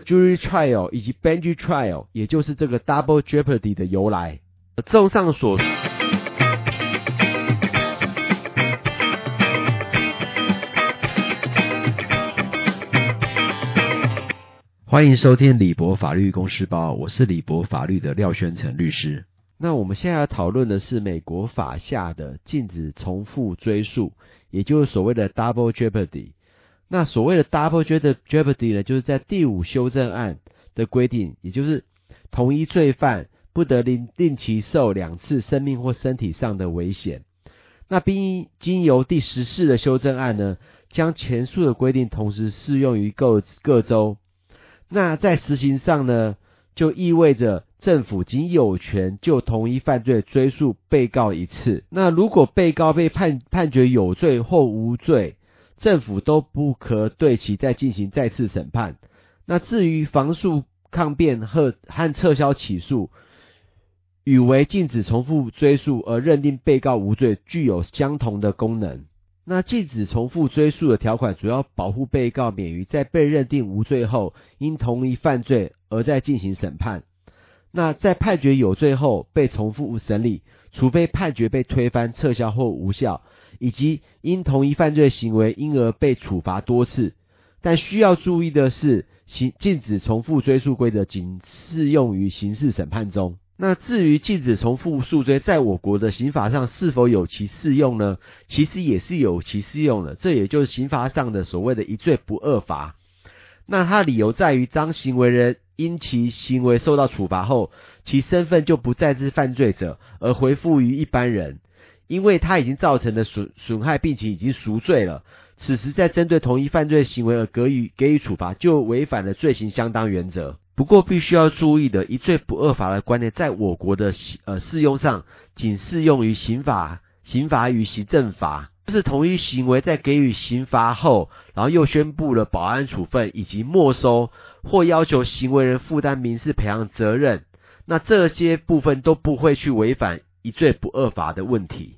jury trial 以及 bench trial，也就是這個 double jeopardy 的由來。綜上所述，歡迎收聽李博法律公司報，我是李博法律的廖宣成律師。那我們現在要討論的是美國法下的禁止重複追訴，也就是所謂的 double jeopardy。那所謂的 Double Jeopardy 呢，就是在第五修正案的規定，也就是同一罪犯不得令令其受兩次生命或身體上的危險。那並經由第十四的修正案呢，將前述的規定同時適用於各各州。那在實行上呢，就意味着政府僅有權就同一犯罪追訴被告一次，那如果被告被判判決有罪或無罪，政府都不可對其再進行再次審判，那至於防訴抗辯和和撤銷起訴，與為禁止重複追訴而認定被告無罪具有相同的功能。那禁止重複追訴的條款主要保護被告免於在被認定無罪後因同一犯罪而再進行審判。那在判決有罪後被重複審理，除非判決被推翻、撤銷或無效，以及因同一犯罪行為因而被處罰多次，但需要注意的是，行禁止重複追訴規則僅適用於刑事審判中。那至於禁止重複訴追，在我國的刑法上是否有其適用呢？其實也是有其適用的，這也就是刑法上的所謂的一罪不二罰。那它理由在於，當行為人因其行為受到處罰後，其身份就不再是犯罪者，而回復於一般人。因為他已經造成的損損害，並且已經贖罪了，此時再針對同一犯罪行為而給予給予處罰，就違反了罪刑相當原則。不過，必須要注意的一罪不二罰的觀念，在我國的呃適用上，僅適用於刑法、刑罰與行政罰。就是同一行為在給予刑罰後，然後又宣布了保安處分以及沒收或要求行為人負擔民事賠償責任，那這些部分都不會去違反一罪不二罰的問題。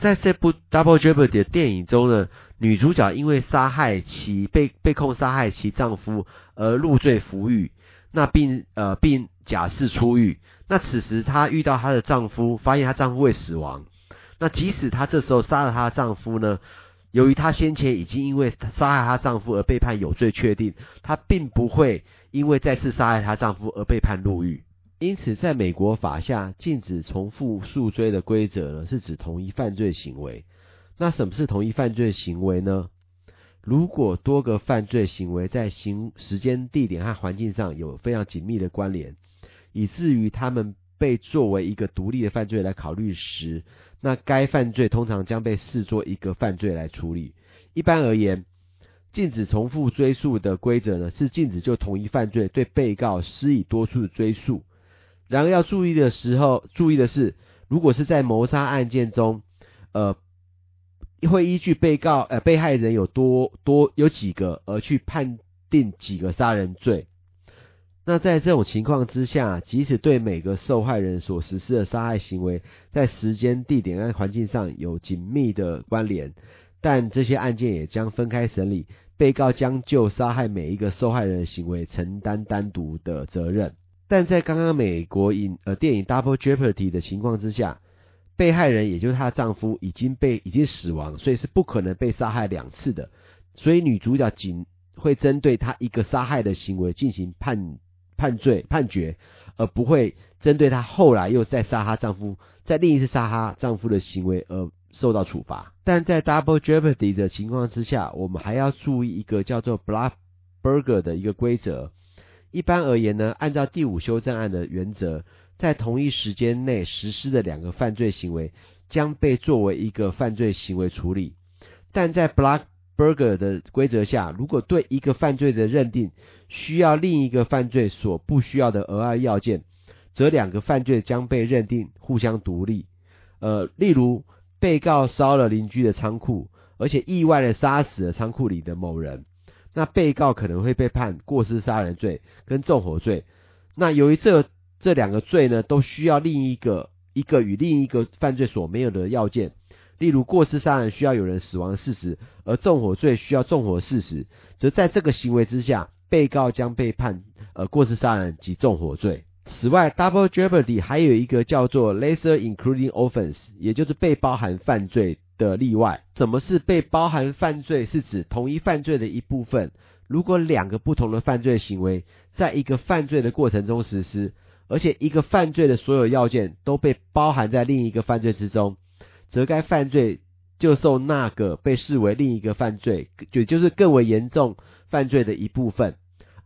在這部 Double Jeopardy 的電影中呢，女主角因為殺害其被被控殺害其丈夫而入罪服獄，那並呃並假釋出獄。那此時她遇到她的丈夫，發現她丈夫會死亡。那即使她這時候殺了她的丈夫呢，由於她先前已經因為殺害她丈夫而被判有罪確定，她並不會因為再次殺害她丈夫而被判入獄。因此，在美國法下，禁止重複訴追的規則呢，是指同一犯罪行為。那什麼是同一犯罪行為呢？如果多個犯罪行為在行時間、地點和環境上有非常緊密的關聯，以至於他們被作為一個獨立的犯罪來考慮時，那該犯罪通常將被視作一個犯罪來處理。一般而言，禁止重複追訴的規則呢，是禁止就同一犯罪對被告施以多數追訴。然而要注意的時候，注意的是，如果是在謀殺案件中，呃，會依據被告呃被害人有多多有幾個而去判定幾個殺人罪。那在這種情況之下，即使對每個受害人所實施的殺害行為，在時間、地點、跟環境上有緊密的關聯，但這些案件也將分開審理，被告將就殺害每一個受害人的行為承擔單獨的責任。但在剛剛美國影呃電影 Double Jeopardy 的情況之下，被害人也就是她的丈夫已經被已經死亡，所以是不可能被殺害兩次的。所以女主角僅會針對她一個殺害的行為進行判判罪判決，而不會針對她後來又再殺她丈夫，在另一次殺她丈夫的行為而受到處罰。但在 Double Jeopardy 的情況之下，我們還要注意一個叫做 Blockburger 的一個規則。一般而言呢，按照第五修正案的原則，在同一時間內實施的兩個犯罪行為，將被作為一個犯罪行為處理。但在 Blockburger 的規則下，如果對一個犯罪的認定需要另一個犯罪所不需要的額外要件，則兩個犯罪將被認定互相獨立。呃，例如，被告燒了鄰居的倉庫，而且意外的殺死了倉庫裡的某人。那被告可能會被判過失殺人罪跟縱火罪。那由於這這兩個罪呢，都需要另一個一個與另一個犯罪所沒有的要件，例如過失殺人需要有人死亡的事實，而縱火罪需要縱火的事實，則在這個行為之下，被告將被判呃過失殺人及縱火罪。此外，double jeopardy 還有一個叫做 lesser including offense，也就是被包含犯罪。的例外，什麼是被包含犯罪？是指同一犯罪的一部分。如果兩個不同的犯罪行為，在一個犯罪的過程中實施，而且一個犯罪的所有要件都被包含在另一個犯罪之中，則該犯罪就受那個被視為另一個犯罪，也就是更為嚴重犯罪的一部分。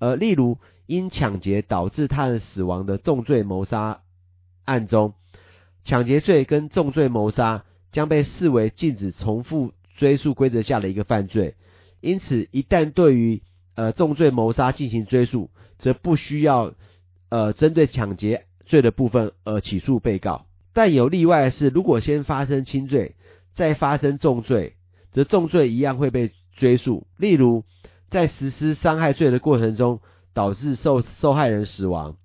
而例如，因搶劫導致他人死亡的重罪謀殺案中，搶劫罪跟重罪謀殺。將被視為禁止重複追訴規則下的一個犯罪，因此一旦對於呃重罪謀殺進行追訴，則不需要呃針對搶劫罪的部分而起訴被告。但有例外的是，如果先發生輕罪，再發生重罪，則重罪一樣會被追訴。例如，在實施傷害罪的過程中導致受受害人死亡，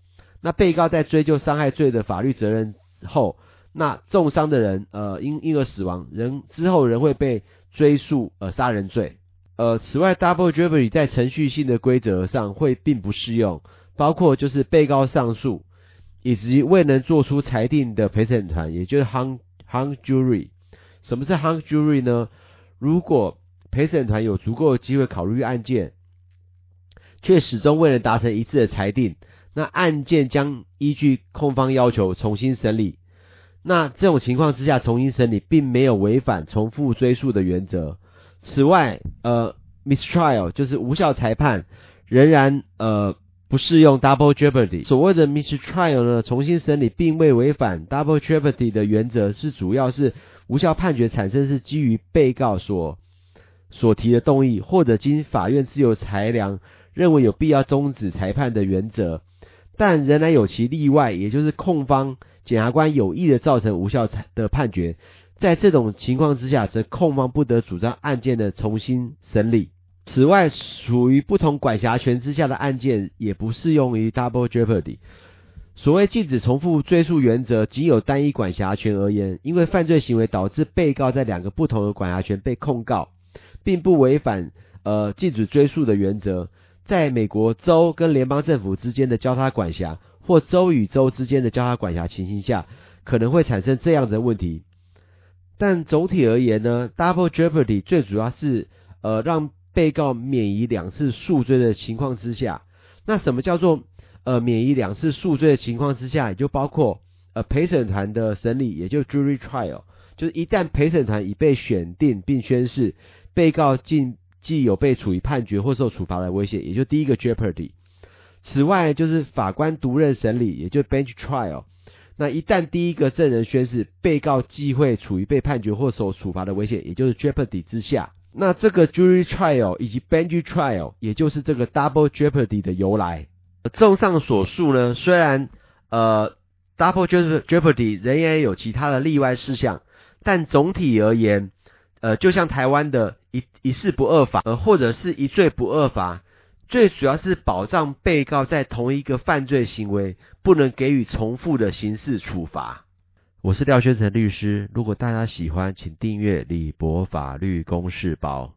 那被告在追究傷害罪的法律責任後。那重傷的人，呃，因因而死亡，人之後仍會被追訴，呃，殺人罪。呃，此外，double jeopardy 在程序性的規則上會並不適用，包括就是被告上訴，以及未能做出裁定的陪審團，也就是 hung hung jury。什麼是 hung jury 呢？如果陪審團有足夠的機會考慮案件，卻始終未能達成一致的裁定，那案件將依據控方要求重新審理。那這種情況之下，重新審理並沒有違反重複追訴的原則。此外，呃，mistrial 就是無效裁判，仍然呃不適用 double jeopardy。所謂的 mistrial 呢，重新審理並未違反 double jeopardy 的原則，是主要是無效判決產生是基於被告所所提的動議，或者經法院自由裁量，認為有必要終止裁判的原則。但仍然有其例外，也就是控方檢察官有意的造成無效的判決，在這種情況之下，則控方不得主張案件的重新審理。此外，屬於不同管轄權之下的案件也不適用於 double jeopardy。所謂禁止重複追訴原則，僅有單一管轄權而言，因為犯罪行為導致被告在兩個不同的管轄權被控告，並不違反呃禁止追訴的原則。在美國州跟聯邦政府之間的交叉管轄，或州與州之間的交叉管轄情形下，可能會產生這樣的問題。但總體而言呢，double jeopardy 最主要是呃讓被告免於兩次訴追的情況之下。那什麼叫做呃免於兩次訴追的情況之下？也就包括呃陪審團的審理，也就 jury trial，就是一旦陪審團已被選定並宣誓，被告進。既有被處以判決或受處罰的危險，也就第一個 jeopardy。此外，就是法官獨任審理，也就 bench trial。那一旦第一個證人宣誓，被告既會處於被判決或受處罰的危險，也就是 jeopardy 之下。那這個 jury trial 以及 bench trial，也就是這個 double jeopardy 的由來。呃，綜上所述呢，雖然呃 double jeopardy 仍然有其他的例外事項，但總體而言。呃，就像台灣的一一事不二罰，呃，或者是一罪不二罰，最主要是保障被告在同一個犯罪行為不能給予重複的刑事處罰。我是廖宣成律師，如果大家喜歡，請訂閱李博法律公事包。